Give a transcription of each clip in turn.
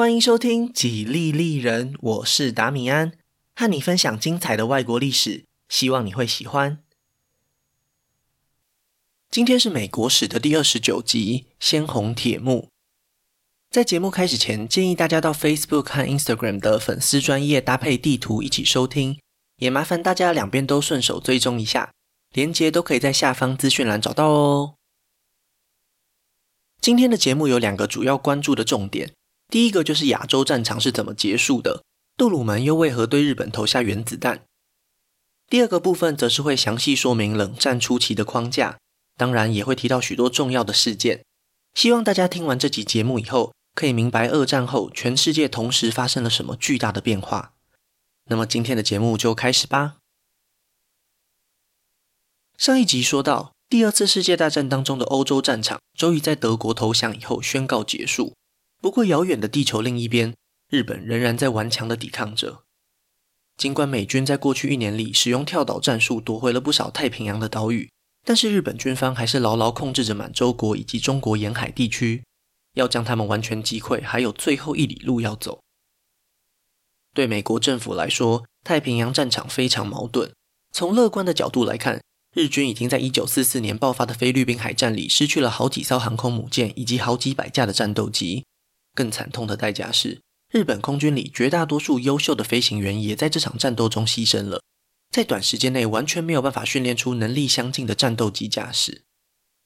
歡迎收聽《幾利利人》，我是達米安，和你分享精彩的外國歷史，希望你會喜歡。今天是美國史的第二十九集，《鮮紅鐵幕》。在節目開始前，建議大家到 Facebook 和 Instagram 的粉絲專頁搭配地圖一起收聽，也麻煩大家兩邊都順手追蹤一下，連結都可以在下方資訊欄找到哦。今天的節目有兩個主要關注的重點。第一個就是亞洲戰場是怎麼結束的，杜魯門又為何對日本投下原子彈？第二個部分則是會詳細說明冷戰初期的框架，當然也會提到許多重要的事件。希望大家聽完這集節目以後，可以明白二戰後全世界同時發生了什麼巨大的變化。那麼今天的節目就開始吧。上一集說到，第二次世界大戰當中的歐洲戰場終於在德國投降以後宣告結束。不過，遙遠的地球另一邊，日本仍然在頑強地抵抗着。儘管美軍在過去一年裡使用跳島戰術奪回了不少太平洋的島嶼，但是日本軍方還是牢牢控制着滿洲國以及中國沿海地區，要將他們完全擊潰，還有最後一里路要走。對美國政府來說，太平洋戰場非常矛盾。從樂觀的角度來看，日軍已經在1944年爆發的菲律賓海戰裡失去了好幾艘航空母艦以及好幾百架的戰鬥機。更慘痛的代價是，日本空軍裡絕大多數優秀的飛行員也在這場戰鬥中犧牲了。在短時間內，完全沒有辦法訓練出能力相近的戰鬥機駕駛。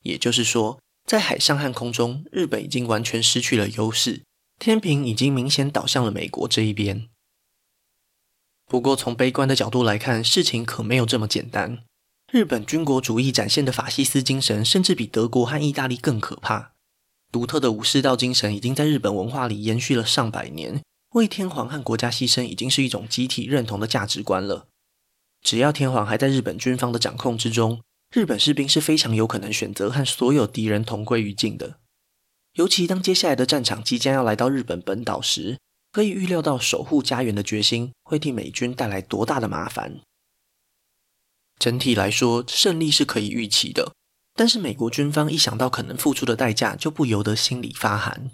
也就是說，在海上和空中，日本已經完全失去了優勢，天平已經明顯倒向了美國這一邊。不過，從悲觀的角度來看，事情可沒有這麼簡單。日本軍國主義展現的法西斯精神，甚至比德國和意大利更可怕。獨特的武士道精神已經在日本文化裡延續了上百年，為天皇和國家犧牲已經是一種集體認同的價值觀了。只要天皇還在日本軍方的掌控之中，日本士兵是非常有可能選擇和所有敵人同歸於盡的。尤其當接下來的戰場即將要來到日本本島時，可以預料到守護家園的決心會替美軍帶來多大的麻煩。整體來說，勝利是可以預期的。但是美國軍方一想到可能付出的代價，就不由得心裡發寒。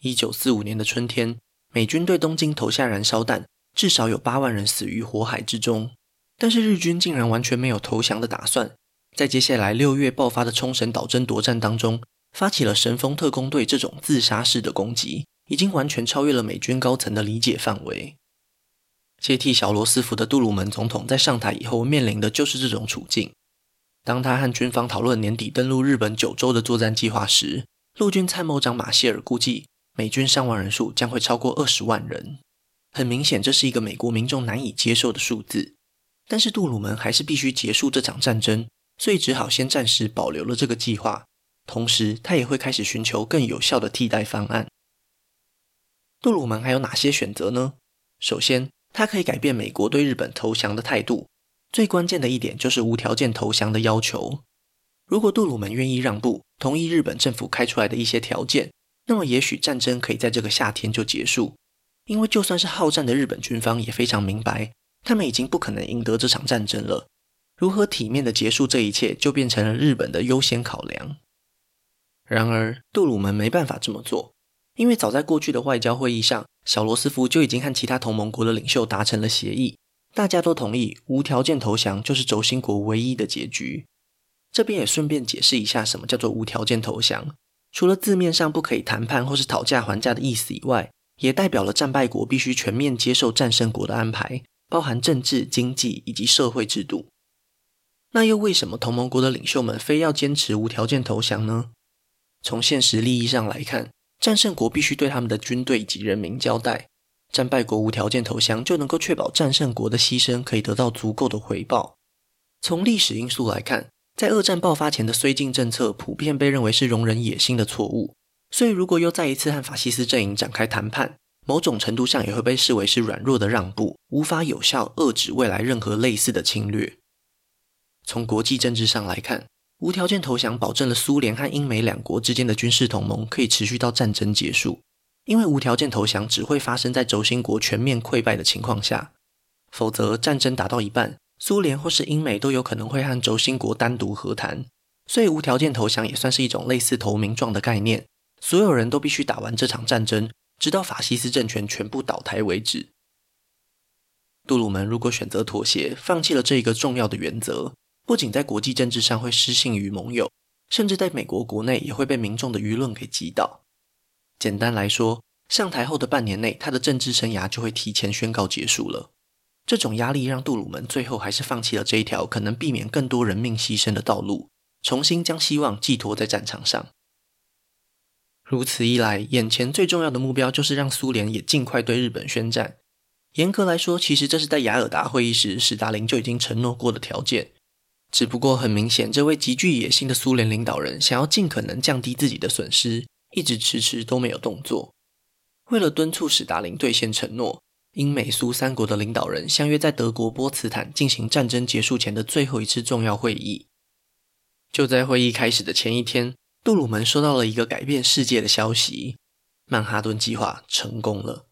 一九四五年的春天，美軍對東京投下燃燒彈，至少有八萬人死於火海之中。但是日軍竟然完全沒有投降的打算。在接下來六月爆發的沖繩島爭奪戰當中，發起了神風特攻隊這種自殺式的攻擊，已經完全超越了美軍高層的理解範圍。接替小羅斯福的杜魯門總統在上台以後，面臨的就是這種處境。當他和軍方討論年底登陸日本九州的作戰計劃時，陸軍參謀長馬歇爾估計美軍傷亡人數將會超過二十萬人。很明顯，這是一個美國民眾難以接受的數字。但是杜魯門還是必須結束這場戰爭，所以只好先暫時保留了這個計劃。同時，他也會開始尋求更有效的替代方案。杜魯門還有哪些選擇呢？首先，他可以改變美國對日本投降的態度。最關鍵的一點就是無條件投降的要求。如果杜魯門願意讓步，同意日本政府開出來的一些條件，那麼也許戰爭可以在這個夏天就結束。因為就算是好戰的日本軍方也非常明白，他們已經不可能贏得這場戰爭了。如何體面的結束這一切，就變成了日本的優先考量。然而，杜魯門沒辦法這麼做，因為早在過去的外交會議上，小羅斯福就已經和其他同盟國的領袖達成了協議。大家都同意無條件投降就是軸心國唯一的結局。這邊也順便解釋一下，什麼叫做無條件投降。除了字面上不可以談判或是討價還價的意思以外，也代表了戰敗國必須全面接受戰勝國的安排，包含政治、經濟以及社會制度。那又為什麼同盟國的領袖們非要堅持無條件投降呢？從現實利益上來看，戰勝國必須對他們的軍隊以及人民交代。戰敗國無條件投降就能夠確保戰勝國的犧牲可以得到足夠的回報。從歷史因素來看，在二戰爆發前的綏靖政策普遍被認為是容忍野心的錯誤，所以如果又再一次和法西斯陣營展開談判，某種程度上也會被視為是軟弱的讓步，無法有效遏止未來任何類似的侵略。從國際政治上來看，無條件投降保證了蘇聯和英美兩國之間的軍事同盟可以持續到戰爭結束。因為無條件投降只會發生在軸心國全面潰敗的情況下，否則戰爭打到一半，蘇聯或是英美都有可能會和軸心國單獨和談，所以無條件投降也算是一種類似投名狀的概念，所有人都必須打完這場戰爭，直到法西斯政權全部倒台為止。杜魯門如果選擇妥協，放棄了這一個重要的原則，不僅在國際政治上會失信於盟友，甚至在美國國內也會被民眾的輿論給擊倒。簡單來說，上台後的半年內，他的政治生涯就會提前宣告結束了。這種壓力讓杜魯門最後還是放棄了這一條可能避免更多人命犧牲的道路，重新將希望寄託在戰場上。如此一來，眼前最重要的目標就是讓蘇聯也盡快對日本宣戰。嚴格來說，其實這是在雅爾達會議時，史達林就已經承諾過的條件。只不過，很明顯，這位極具野心的蘇聯領導人想要盡可能降低自己的損失。一直遲遲都沒有動作。為了敦促史達林兌現承諾，英美蘇三國的領導人相約在德國波茨坦進行戰爭結束前的最後一次重要會議。就在會議開始的前一天，杜魯門收到了一個改變世界的消息：曼哈頓計劃成功了，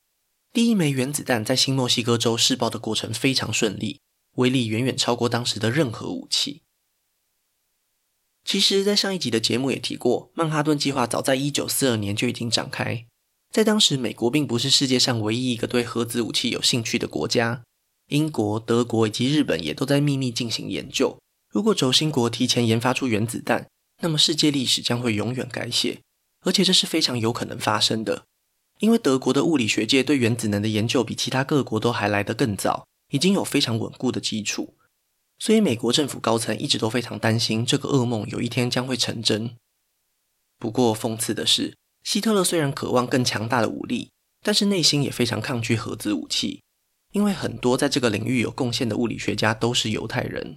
第一枚原子彈在新墨西哥州試爆的過程非常順利，威力遠遠超過當時的任何武器。其實，在上一集的節目也提過，曼哈頓計劃早在1942年就已經展開。在當時，美國並不是世界上唯一一個對核子武器有興趣的國家，英國、德國以及日本也都在秘密進行研究。如果軸心國提前研發出原子彈，那麼世界歷史將會永遠改寫，而且這是非常有可能發生的，因為德國的物理學界對原子能的研究比其他各國都還來得更早，已經有非常穩固的基礎。所以，美國政府高層一直都非常擔心這個噩夢有一天將會成真。不過，諷刺的是，希特勒雖然渴望更強大的武力，但是內心也非常抗拒核子武器，因為很多在這個領域有貢獻的物理學家都是猶太人。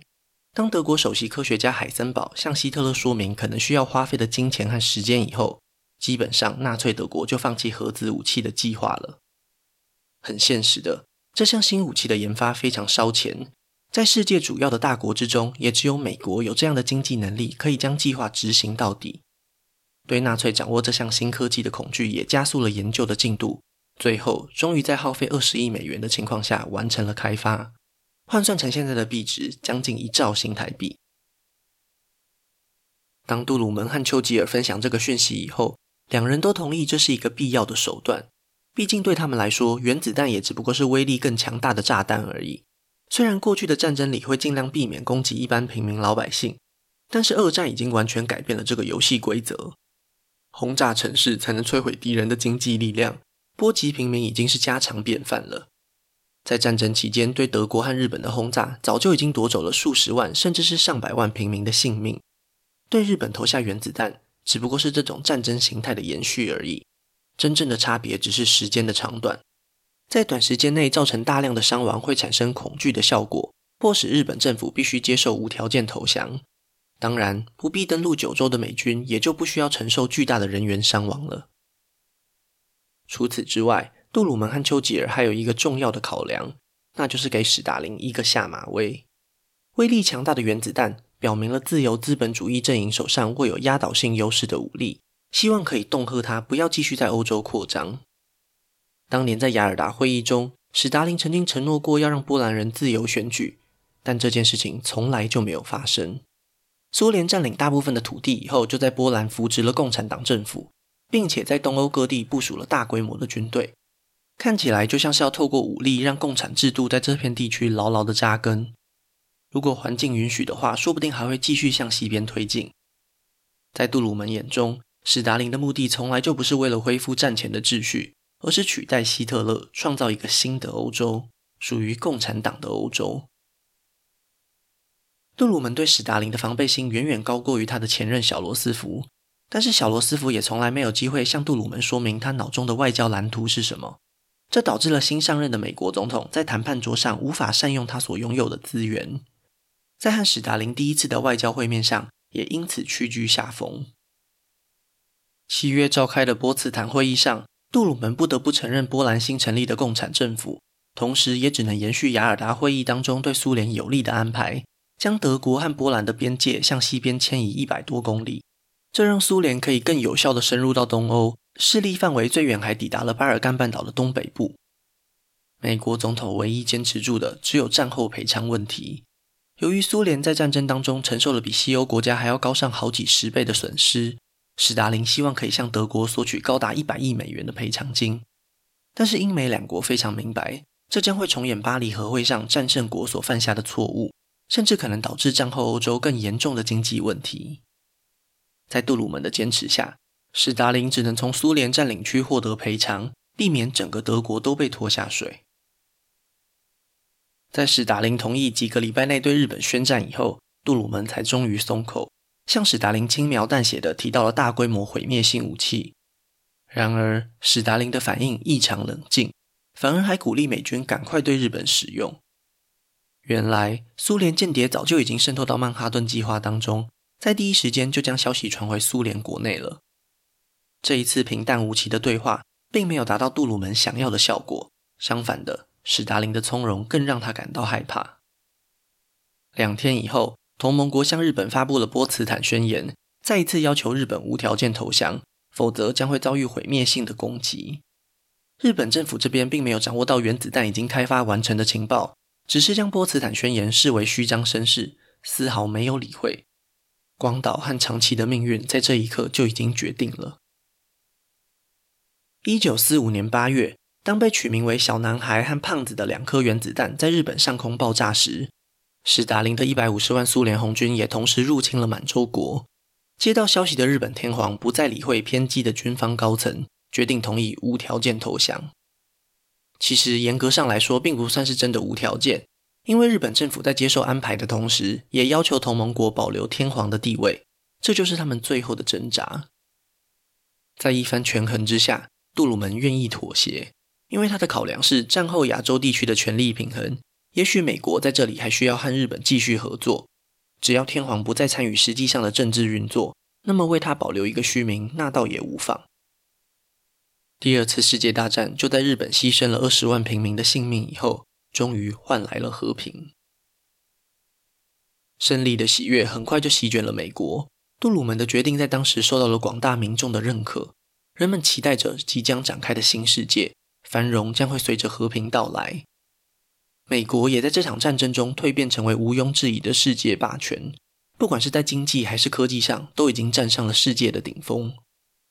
當德國首席科學家海森堡向希特勒說明可能需要花費的金錢和時間以後，基本上納粹德國就放棄核子武器的計劃了。很現實的，這項新武器的研發非常燒錢。在世界主要的大國之中，也只有美國有這樣的經濟能力，可以將計劃執行到底。對納粹掌握這項新科技的恐懼，也加速了研究的進度。最後，終於在耗費二十億美元的情況下，完成了開發，換算成現在的幣值，將近一兆新台幣。當杜魯門和丘吉爾分享這個訊息以後，兩人都同意這是一個必要的手段。畢竟，對他們來說，原子彈也只不過是威力更強大的炸彈而已。雖然過去的戰爭裡會盡量避免攻擊一般平民老百姓，但是二戰已經完全改變了這個遊戲規則。轟炸城市才能摧毀敵人的經濟力量，波及平民已經是家常便飯了。在戰爭期間，對德國和日本的轟炸早就已經奪走了數十萬甚至是上百萬平民的性命。對日本投下原子彈，只不過是這種戰爭形態的延續而已。真正的差別只是時間的長短。在短時間內造成大量的傷亡，會產生恐懼的效果，迫使日本政府必須接受無條件投降。當然，不必登陸九州的美軍也就不需要承受巨大的人員傷亡了。除此之外，杜魯門和丘吉爾還有一個重要的考量，那就是給史達林一個下馬威。威力強大的原子彈表明了自由資本主義陣營手上握有壓倒性優勢的武力，希望可以恫嚇他不要繼續在歐洲擴張。當年在雅爾達會議中，史達林曾經承諾過要讓波蘭人自由選舉，但這件事情從來就沒有發生。蘇聯佔領大部分的土地以後，就在波蘭扶植了共產黨政府，並且在東歐各地部署了大規模的軍隊。看起來就像是要透過武力讓共產制度在這片地區牢牢的紮根。如果環境允許的話，說不定還會繼續向西邊推進。在杜魯門眼中，史達林的目的從來就不是為了恢復戰前的秩序。而是取代希特勒，創造一個新的歐洲，屬於共產黨的歐洲。杜魯門對史達林的防備心遠遠高過於他的前任小羅斯福，但是小羅斯福也從來沒有機會向杜魯門說明他腦中的外交藍圖是什麼，這導致了新上任的美國總統在談判桌上無法善用他所擁有的資源，在和史達林第一次的外交會面上，也因此屈居下風。七月召開的波茨坦會議上，杜魯門不得不承認波蘭新成立的共產政府，同時也只能延續雅爾達會議當中對蘇聯有利的安排，將德國和波蘭的邊界向西邊遷移一百多公里，這讓蘇聯可以更有效地深入到東歐，勢力範圍最遠還抵達了巴爾幹半島的東北部。美國總統唯一堅持住的只有戰後賠償問題，由於蘇聯在戰爭當中承受了比西歐國家還要高上好幾十倍的損失。史達林希望可以向德國索取高達一百億美元的賠償金，但是英美兩國非常明白，這將會重演巴黎和會上戰勝國所犯下的錯誤，甚至可能導致戰後歐洲更嚴重的經濟問題。在杜魯門的堅持下，史達林只能從蘇聯佔領區獲得賠償，避免整個德國都被拖下水。在史達林同意幾個禮拜內對日本宣戰以後，杜魯門才終於鬆口。向史達林輕描淡寫的提到了大規模毀滅性武器，然而史達林的反應異常冷靜，反而還鼓勵美軍趕快對日本使用。原來蘇聯間諜早就已經滲透到曼哈頓計劃當中，在第一時間就將消息傳回蘇聯國內了。這一次平淡無奇的對話，並沒有達到杜魯門想要的效果，相反的，史達林的從容更讓他感到害怕。兩天以後。同盟國向日本發布了波茨坦宣言，再一次要求日本無條件投降，否則將會遭遇毀滅性的攻擊。日本政府這邊並沒有掌握到原子彈已經開發完成的情報，只是將波茨坦宣言視為虛張聲勢，絲毫沒有理會。廣島和長崎的命運在這一刻就已經決定了。一九四五年八月，當被取名為“小男孩”和“胖子”的兩顆原子彈在日本上空爆炸時。史達林的一百五十萬蘇聯紅軍也同時入侵了滿洲國。接到消息的日本天皇不再理會偏激的軍方高層，決定同意無條件投降。其實嚴格上來說，並不算是真的無條件，因為日本政府在接受安排的同時，也要求同盟國保留天皇的地位，這就是他們最後的掙扎。在一番權衡之下，杜魯門願意妥協，因為他的考量是戰後亞洲地區的權力平衡。也許美國在這裡還需要和日本繼續合作，只要天皇不再參與實際上的政治運作，那麼為他保留一個虛名，那倒也無妨。第二次世界大戰就在日本犧牲了二十萬平民的性命以後，終於換來了和平。勝利的喜悅很快就席捲了美國。杜魯門的決定在當時受到了廣大民眾的認可，人們期待着即將展開的新世界，繁榮將會隨着和平到來。美國也在這場戰爭中蛻變成為毋庸置疑的世界霸權，不管是在經濟還是科技上，都已經站上了世界的頂峰。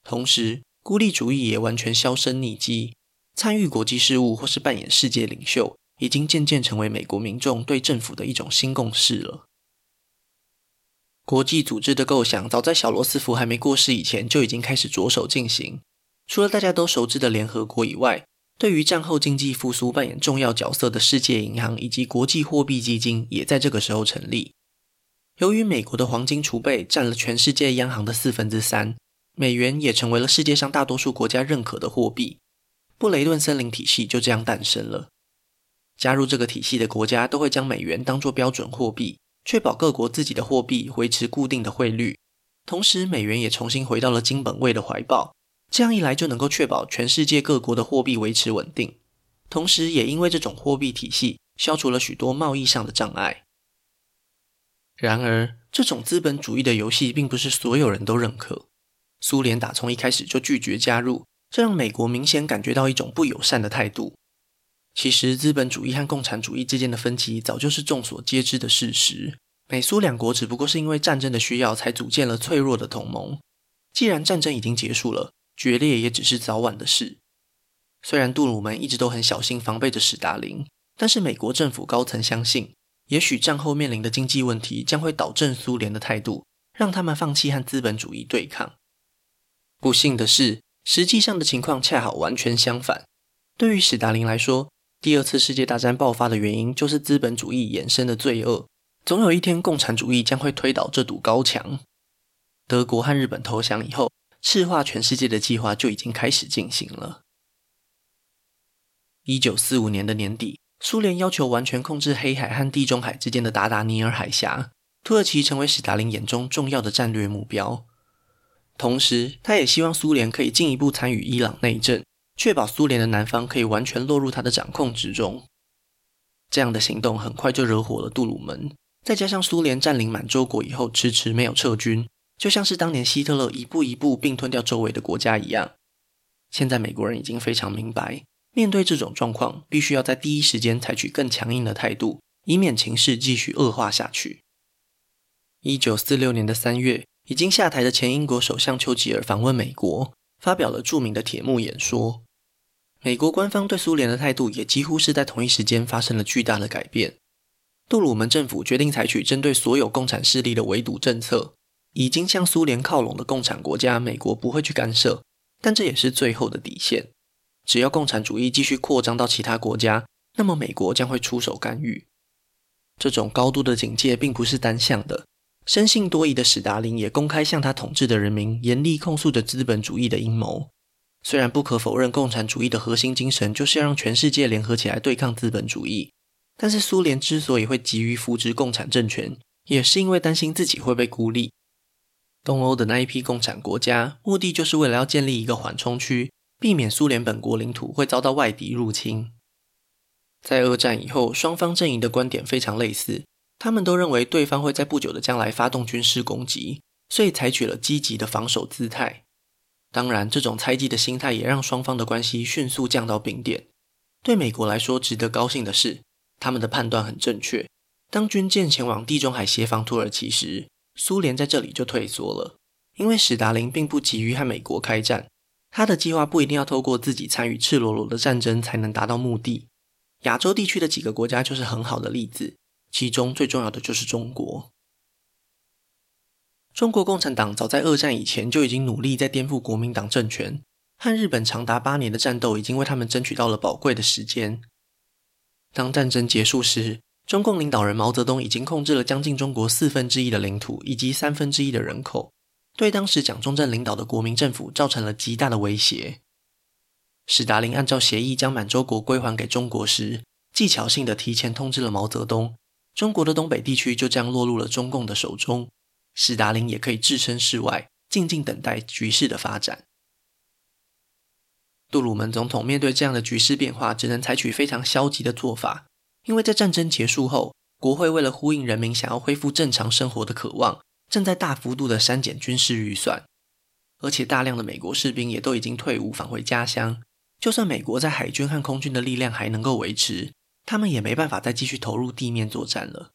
同時，孤立主義也完全銷聲匿跡，參與國際事務或是扮演世界領袖，已經漸漸成為美國民眾對政府的一種新共識了。國際組織的構想早在小羅斯福還沒過世以前就已經開始着手進行，除了大家都熟知的聯合國以外。對於戰後經濟復蘇扮演重要角色的世界銀行以及國際貨幣基金也在這個時候成立。由於美國的黃金儲備占了全世界央行的四分之三，美元也成為了世界上大多數國家認可的貨幣。布雷頓森林體系就這樣誕生了。加入這個體系的國家都會將美元當作標準貨幣，確保各國自己的貨幣維持固定的匯率。同時，美元也重新回到了金本位的懷抱。這樣一來就能夠確保全世界各國的貨幣維持穩定，同時也因為這種貨幣體系消除了許多貿易上的障礙。然而，這種資本主義的遊戲並不是所有人都認可。蘇聯打從一開始就拒絕加入，這讓美國明顯感覺到一種不友善的態度。其實，資本主義和共產主義之間的分歧早就是眾所皆知的事實。美蘇兩國只不過是因為戰爭的需要才組建了脆弱的同盟。既然戰爭已經結束了，決裂也只是早晚的事。雖然杜魯門一直都很小心防備着史達林，但是美國政府高層相信，也許戰後面臨的經濟問題將會導致蘇聯的態度，讓他們放棄和資本主義對抗。不幸的是，實際上的情況恰好完全相反。對於史達林來說，第二次世界大戰爆發的原因就是資本主義衍生的罪惡。總有一天，共產主義將會推倒這堵高牆。德國和日本投降以後，赤化全世界的計劃就已經開始進行了。一九四五年的年底，蘇聯要求完全控制黑海和地中海之間的達達尼爾海峽，土耳其成為史達林眼中重要的戰略目標。同時，他也希望蘇聯可以進一步參與伊朗內政，確保蘇聯的南方可以完全落入他的掌控之中。這樣的行動很快就惹火了杜魯門，再加上蘇聯佔領滿洲國以後遲遲沒有撤軍。就像是當年希特勒一步一步併吞掉周圍的國家一樣，現在美國人已經非常明白，面對這種狀況，必須要在第一時間採取更強硬的態度，以免情勢繼續惡化下去。一九四六年的三月，已經下台的前英國首相丘吉爾訪問美國，發表了著名的鐵幕演說。美國官方對蘇聯的態度也幾乎是在同一時間發生了巨大的改變。杜魯門政府決定採取針對所有共產勢力的圍堵政策。已經向蘇聯靠攏的共產國家，美國不會去干涉，但這也是最後的底線。只要共產主義繼續擴張到其他國家，那麼美國將會出手干預。這種高度的警戒並不是單向的。生性多疑的史達林也公開向他統治的人民嚴厲控訴着資本主義的陰謀。雖然不可否認，共產主義的核心精神就是要讓全世界聯合起來對抗資本主義，但是蘇聯之所以會急於扶植共產政權，也是因為擔心自己會被孤立。東歐的那一批共產國家，目的就是為了要建立一個緩衝區，避免蘇聯本國領土會遭到外敵入侵。在二戰以後，雙方陣營的觀點非常類似，他們都認為對方會在不久的將來發動軍事攻擊，所以採取了積極的防守姿態。當然，這種猜忌的心態也讓雙方的關係迅速降到冰點。對美國來說，值得高興的是，他們的判斷很正確，當軍艦前往地中海協防土耳其時，蘇聯在這裡就退縮了，因為史達林並不急於和美國開戰，他的計劃不一定要透過自己參與赤裸裸的戰爭才能達到目的。亞洲地區的幾個國家就是很好的例子，其中最重要的就是中國。中國共產黨早在二戰以前就已經努力在顛覆國民黨政權，和日本長達八年的戰鬥已經為他們爭取到了寶貴的時間。當戰爭結束時，中共領導人毛澤東已經控制了將近中國四分之一的領土以及三分之一的人口，對當時蔣中正領導的國民政府造成了極大的威脅。史達林按照協議將滿洲國歸還給中國時，技巧性地提前通知了毛澤東，中國的東北地區就這樣落入了中共的手中，史達林也可以置身事外，靜靜等待局勢的發展。杜魯門總統面對這樣的局勢變化，只能採取非常消極的做法。因為在戰爭結束後，國會為了呼應人民想要恢復正常生活的渴望，正在大幅度的刪減軍事預算，而且大量的美國士兵也都已經退伍返回家鄉。就算美國在海軍和空軍的力量還能夠維持，他們也沒辦法再繼續投入地面作戰了。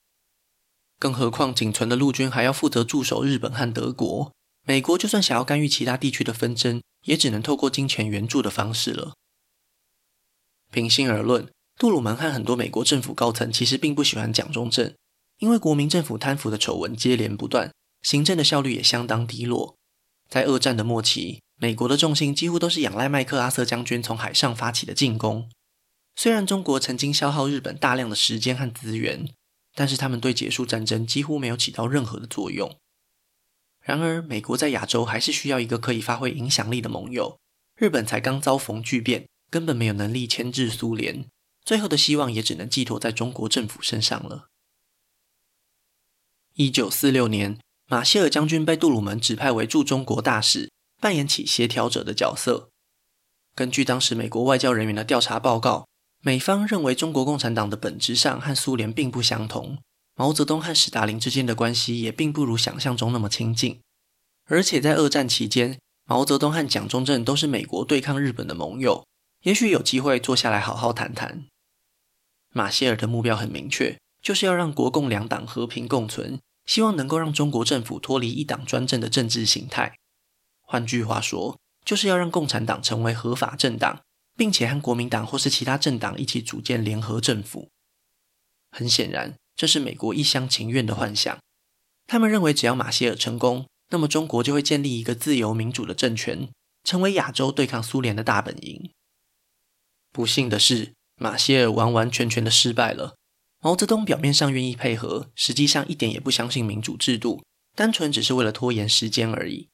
更何況，僅存的陸軍還要負責駐守日本和德國。美國就算想要干預其他地區的紛爭，也只能透過金錢援助的方式了。平心而論。杜魯門和很多美國政府高層其實並不喜歡蔣中正，因為國民政府貪腐的醜聞接連不斷，行政的效率也相當低落。在二戰的末期，美國的重心幾乎都是仰賴麥克阿瑟將軍從海上發起的進攻。雖然中國曾經消耗日本大量的時間和資源，但是他們對結束戰爭幾乎沒有起到任何的作用。然而，美國在亞洲還是需要一個可以發揮影響力的盟友，日本才剛遭逢巨變，根本沒有能力牽制蘇聯。最後的希望也只能寄託在中國政府身上了。一九四六年，馬歇爾將軍被杜魯門指派為駐中國大使，扮演起協調者的角色。根據當時美國外交人員的調查報告，美方認為中國共產黨的本質上和蘇聯並不相同，毛澤東和史達林之間的關係也並不如想象中那麼親近。而且在二戰期間，毛澤東和蔣中正都是美國對抗日本的盟友，也許有機會坐下來好好談談。馬歇爾的目標很明確，就是要讓國共兩黨和平共存，希望能夠讓中國政府脫離一黨專政的政治形態。換句話說，就是要讓共產黨成為合法政黨，並且和國民黨或是其他政黨一起組建聯合政府。很顯然，這是美國一廂情願的幻想。他們認為，只要馬歇爾成功，那麼中國就會建立一個自由民主的政權，成為亞洲對抗蘇聯的大本營。不幸的是，馬歇爾完完全全的失敗了。毛澤東表面上願意配合，實際上一點也不相信民主制度，單純只是為了拖延時間而已。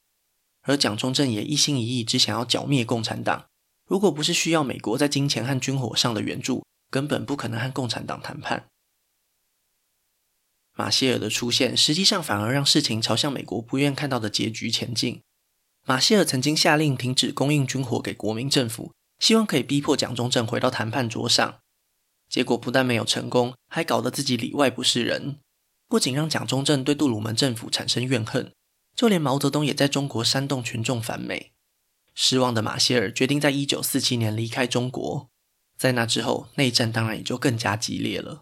而蔣中正也一心一意只想要剿滅共產黨，如果不是需要美國在金錢和軍火上的援助，根本不可能和共產黨談判。馬歇爾的出現，實際上反而讓事情朝向美國不願看到的結局前進。馬歇爾曾經下令停止供應軍火給國民政府。希望可以逼迫蔣中正回到談判桌上，結果不但沒有成功，還搞得自己裡外不是人。不僅讓蔣中正對杜魯門政府產生怨恨，就連毛澤東也在中國煽動群眾反美。失望的馬歇爾決定在一九四七年離開中國，在那之後，內戰當然也就更加激烈了。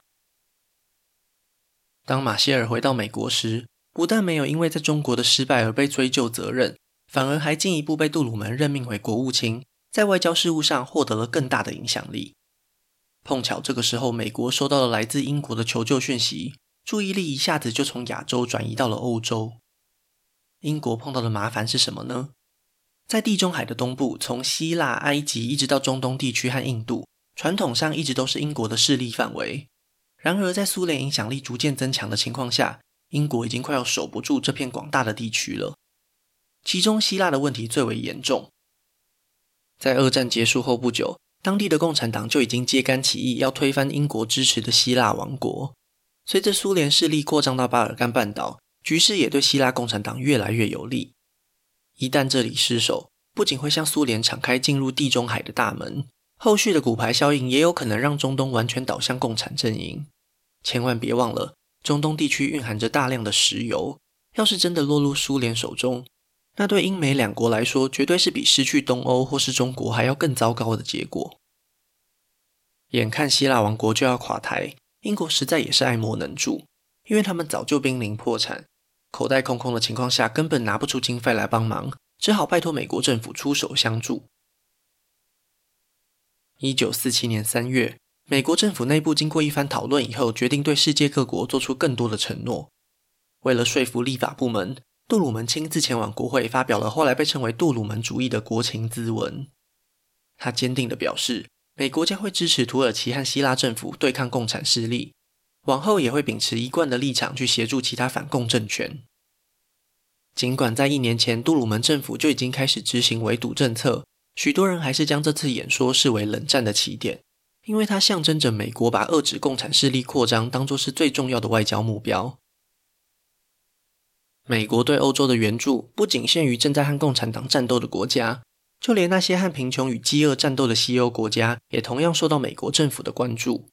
當馬歇爾回到美國時，不但沒有因為在中國的失敗而被追究責任，反而還進一步被杜魯門任命為國務卿。在外交事務上獲得了更大的影響力。碰巧這個時候，美國收到了來自英國的求救訊息，注意力一下子就從亞洲轉移到了歐洲。英國碰到的麻煩是什麼呢？在地中海的東部，從希臘、埃及一直到中東地區和印度，傳統上一直都是英國的勢力範圍。然而，在蘇聯影響力逐漸增強的情況下，英國已經快要守不住這片廣大的地區了。其中，希臘的問題最為嚴重。在二戰結束後不久，當地的共產黨就已經揭竿起義，要推翻英國支持的希臘王國。隨着蘇聯勢力擴張到巴爾幹半島，局勢也對希臘共產黨越來越有利。一旦這裡失守，不僅會向蘇聯敞開進入地中海的大門，後續的骨牌效應也有可能讓中東完全倒向共產陣營。千萬別忘了，中東地區蘊含着大量的石油，要是真的落入蘇聯手中，那對英美兩國來說，絕對是比失去東歐或是中國還要更糟糕的結果。眼看希臘王國就要垮台，英國實在也是愛莫能助，因為他們早就瀕臨破產，口袋空空的情況下，根本拿不出經費來幫忙，只好拜托美國政府出手相助。一九四七年三月，美國政府內部經過一番討論以後，決定對世界各國做出更多的承諾，為了說服立法部門，杜魯門親自前往國會，發表了後來被稱為“杜魯門主義”的國情諮文。他堅定地表示，美國將會支持土耳其和希臘政府對抗共產勢力，往後也會秉持一貫的立場去協助其他反共政權。儘管在一年前，杜魯門政府就已經開始執行圍堵政策，許多人還是將這次演說視為冷戰的起點，因為它象徵着美國把遏制共產勢力擴張當作是最重要的外交目標。美國對歐洲的援助不僅限於正在和共產黨戰鬥的國家，就連那些和貧窮與飢餓戰鬥的西歐國家也同樣受到美國政府的關注。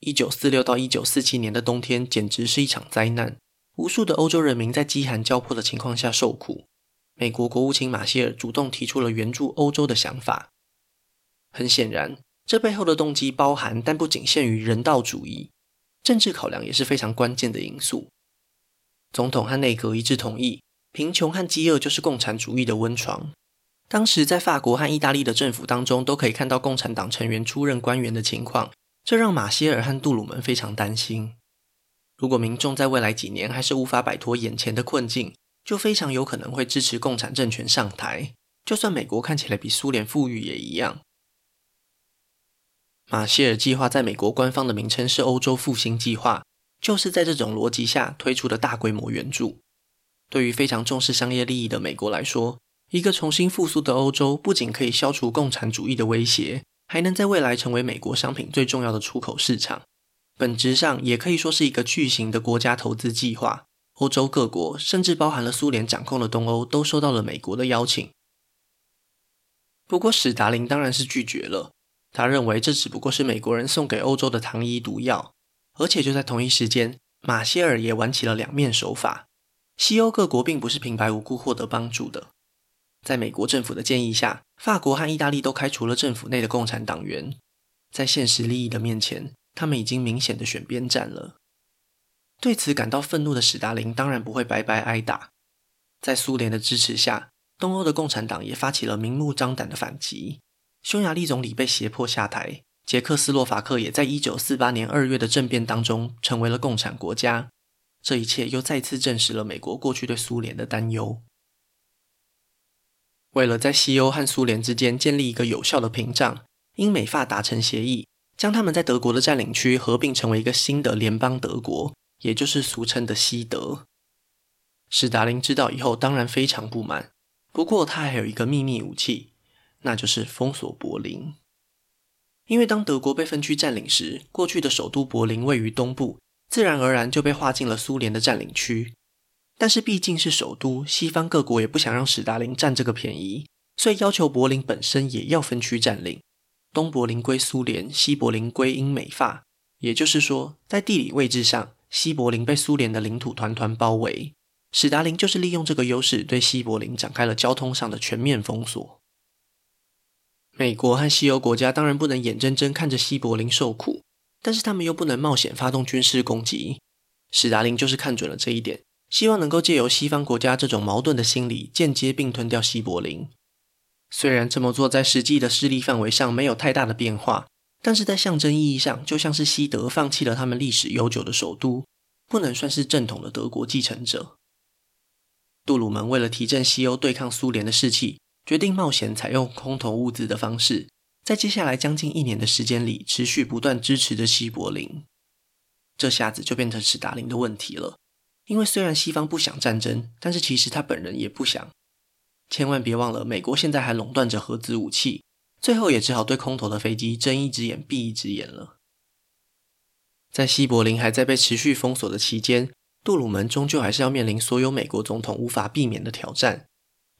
一九四六到一九四七年的冬天簡直是一場災難，無數的歐洲人民在飢寒交迫的情況下受苦。美國國務卿馬歇爾主動提出了援助歐洲的想法。很顯然，這背後的動機包含但不僅限於人道主義，政治考量也是非常關鍵的因素。總統和內閣一致同意，貧窮和飢餓就是共產主義的溫床。當時在法國和意大利的政府當中，都可以看到共產黨成員出任官員的情況，這讓馬歇爾和杜魯門非常擔心。如果民眾在未來幾年還是無法擺脫眼前的困境，就非常有可能會支持共產政權上台。就算美國看起來比蘇聯富裕也一樣。馬歇爾計劃在美國官方的名稱是歐洲復興計劃。就是在這種邏輯下推出的大規模援助。對於非常重視商業利益的美國來說，一個重新復甦的歐洲不僅可以消除共產主義的威脅，還能在未來成為美國商品最重要的出口市場。本質上也可以說是一個巨型的國家投資計劃。歐洲各國，甚至包含了蘇聯掌控的東歐，都收到了美國的邀請。不過，史達林當然是拒絕了。他認為這只不過是美國人送給歐洲的糖衣毒藥。而且就在同一時間，馬歇爾也玩起了兩面手法。西歐各國並不是平白無故獲得幫助的。在美國政府的建議下，法國和意大利都開除了政府內的共產黨員。在現實利益的面前，他們已經明顯的選邊站了。對此感到憤怒的史達林當然不會白白捱打。在蘇聯的支持下，東歐的共產黨也發起了明目張膽的反擊。匈牙利總理被脅迫下台。捷克斯洛伐克也在1948年2月的政變當中成為了共產國家，這一切又再次證實了美國過去對蘇聯的擔憂。為了在西歐和蘇聯之間建立一個有效的屏障，英美法達成協議，將他們在德國的佔領區合併成為一個新的聯邦德國，也就是俗稱的西德。史達林知道以後當然非常不滿，不過他還有一個秘密武器，那就是封鎖柏林。因為當德國被分區占領時，過去的首都柏林位於東部，自然而然就被劃進了蘇聯的占領區。但是畢竟是首都，西方各國也不想讓史達林占這個便宜，所以要求柏林本身也要分區占領。東柏林歸蘇聯，西柏林歸英美法。也就是說，在地理位置上，西柏林被蘇聯的領土團團包圍。史達林就是利用這個優勢，對西柏林展開了交通上的全面封鎖。美國和西歐國家當然不能眼睜睜看着西柏林受苦，但是他們又不能冒險發動軍事攻擊。史達林就是看準了這一點，希望能夠借由西方國家這種矛盾的心理，間接併吞掉西柏林。雖然這麼做在實際的勢力範圍上沒有太大的變化，但是在象徵意義上，就像是西德放棄了他們歷史悠久的首都，不能算是正統的德國繼承者。杜魯門為了提振西歐對抗蘇聯的士氣。決定冒險採用空投物資的方式，在接下來將近一年的時間裡，持續不斷支持着西柏林。這下子就變成史達林的問題了，因為雖然西方不想戰爭，但是其實他本人也不想。千萬別忘了，美國現在還壟斷着核子武器，最後也只好對空投的飛機睜一隻眼閉一隻眼了。在西柏林還在被持續封鎖的期間，杜魯門終究還是要面臨所有美國總統無法避免的挑戰。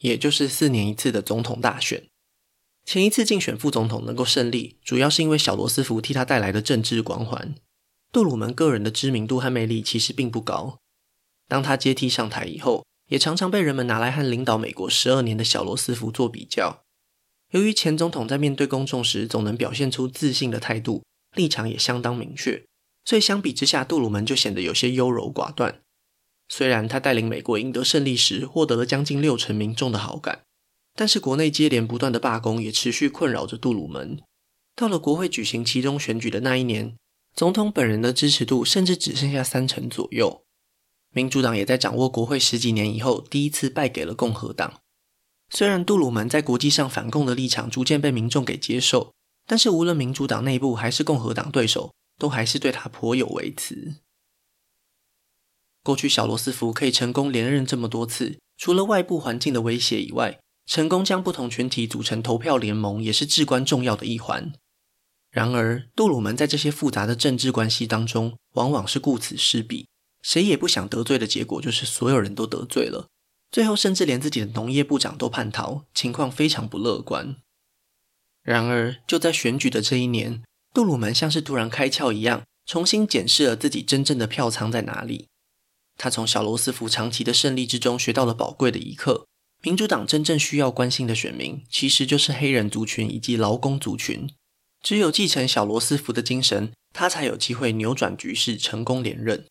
也就是四年一次的總統大選，前一次競選副總統能夠勝利，主要是因為小羅斯福替他帶來的政治光環。杜魯門個人的知名度和魅力其實並不高，當他接替上台以後，也常常被人們拿來和領導美國十二年的小羅斯福做比較。由於前總統在面對公眾時總能表現出自信的態度，立場也相當明確，所以相比之下，杜魯門就顯得有些優柔寡斷。雖然他帶領美國贏得勝利時獲得了將近六成民眾的好感，但是國內接連不斷的罷工也持續困擾着杜魯門。到了國會舉行期中選舉的那一年，總統本人的支持度甚至只剩下三成左右。民主黨也在掌握國會十幾年以後第一次敗給了共和黨。雖然杜魯門在國際上反共的立場逐漸被民眾給接受，但是無論民主黨內部還是共和黨對手，都還是對他頗有微詞。過去小羅斯福可以成功連任這麼多次，除了外部環境的威脅以外，成功將不同群體組成投票聯盟也是至關重要的一環。然而，杜魯門在這些複雜的政治關係當中，往往是顧此失彼。誰也不想得罪的結果，就是所有人都得罪了，最後甚至連自己的農業部長都叛逃，情況非常不樂觀。然而，就在選舉的這一年，杜魯門像是突然開竅一樣，重新檢視了自己真正的票倉在哪裡。他從小羅斯福長期的勝利之中學到了寶貴的一課。民主黨真正需要關心的選民，其實就是黑人族群以及勞工族群。只有繼承小羅斯福的精神，他才有機會扭轉局勢，成功連任。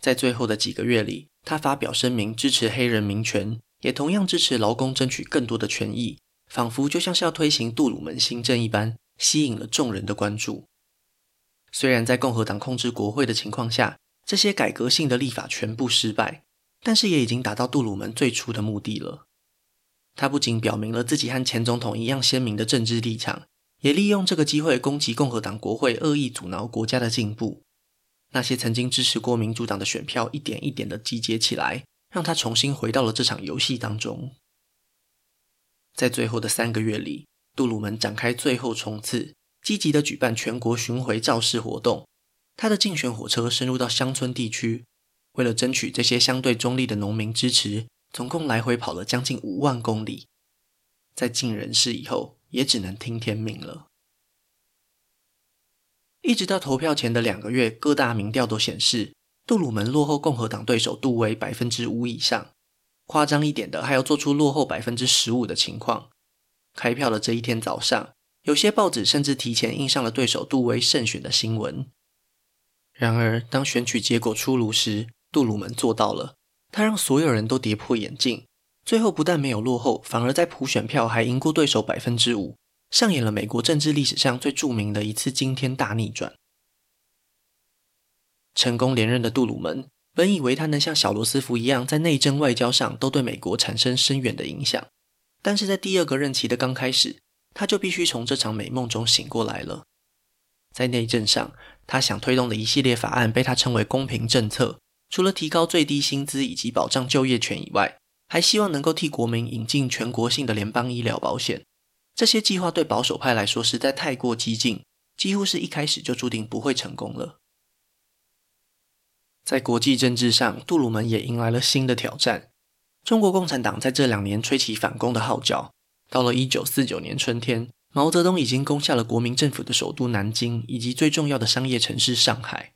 在最後的幾個月裡，他發表聲明支持黑人民權，也同樣支持勞工爭取更多的權益，仿佛就像是要推行杜魯門新政一般，吸引了眾人的關注。雖然在共和黨控制國會的情況下，這些改革性的立法全部失敗，但是也已經達到杜魯門最初的目的了。他不僅表明了自己和前總統一樣鮮明的政治立場，也利用這個機會攻擊共和黨國會惡意阻撓國家的進步。那些曾經支持過民主黨的選票一點一點的集結起來，讓他重新回到了這場遊戲當中。在最後的三個月裡，杜魯門展開最後衝刺，積極的舉辦全國巡回造勢活動。他的競選火車深入到鄉村地區，為了爭取這些相對中立的農民支持，總共來回跑了將近五萬公里。在盡人事以後，也只能聽天命了。一直到投票前的兩個月，各大民調都顯示杜魯門落後共和黨對手杜威百分之五以上，誇張一點的還要做出落後百分之十五的情況。開票的這一天早上，有些報紙甚至提前印上了對手杜威勝選的新聞。然而，當選舉結果出爐時，杜魯門做到了。他讓所有人都跌破眼鏡。最後，不但沒有落後，反而在普選票還贏過對手百分之五，上演了美國政治歷史上最著名的一次驚天大逆轉。成功連任的杜魯門本以為他能像小羅斯福一樣，在內政外交上都對美國產生深遠的影響，但是在第二個任期的剛開始，他就必須從這場美夢中醒過來了。在內政上，他想推動的一系列法案被他稱為“公平政策”，”除了提高最低薪資以及保障就業權以外，還希望能夠替國民引進全國性的聯邦醫療保險。這些計劃對保守派來說實在太過激進，幾乎是一開始就注定不會成功了。在國際政治上，杜魯門也迎來了新的挑戰。中國共產黨在這兩年吹起反攻的號角，到了1949年春天，毛澤東已經攻下了國民政府的首都南京以及最重要的商業城市上海。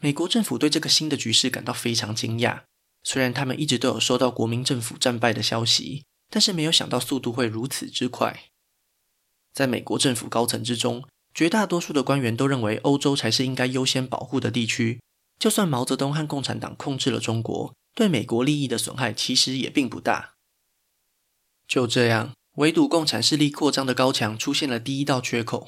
美國政府對這個新的局勢感到非常驚訝，雖然他們一直都有收到國民政府戰敗的消息，但是沒有想到速度會如此之快。在美國政府高層之中，絕大多數的官員都認為歐洲才是應該優先保護的地區。就算毛澤東和共產黨控制了中國，對美國利益的損害其實也並不大。就這樣。圍堵共產勢力擴張的高牆出現了第一道缺口。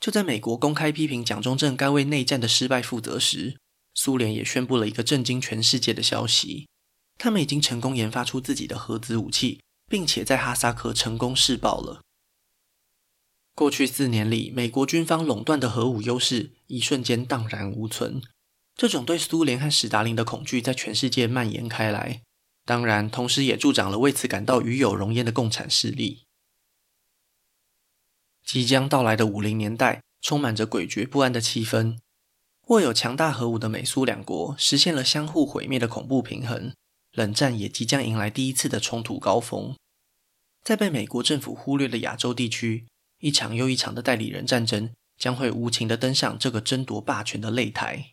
就在美國公開批評蔣中正該為內戰的失敗負責時，蘇聯也宣布了一個震驚全世界的消息：他們已經成功研發出自己的核子武器，並且在哈薩克成功試爆了。過去四年裡，美國軍方壟斷的核武優勢一瞬間蕩然無存。這種對蘇聯和史達林的恐懼在全世界蔓延開來。當然，同時也助長了為此感到與有榮焉的共產勢力。即將到來的五零年代充滿着詭譎不安的氣氛。握有強大核武的美蘇兩國實現了相互毀滅的恐怖平衡，冷戰也即將迎來第一次的衝突高峰。在被美國政府忽略的亞洲地區，一場又一場的代理人戰爭將會無情地登上這個爭奪霸權的擂台。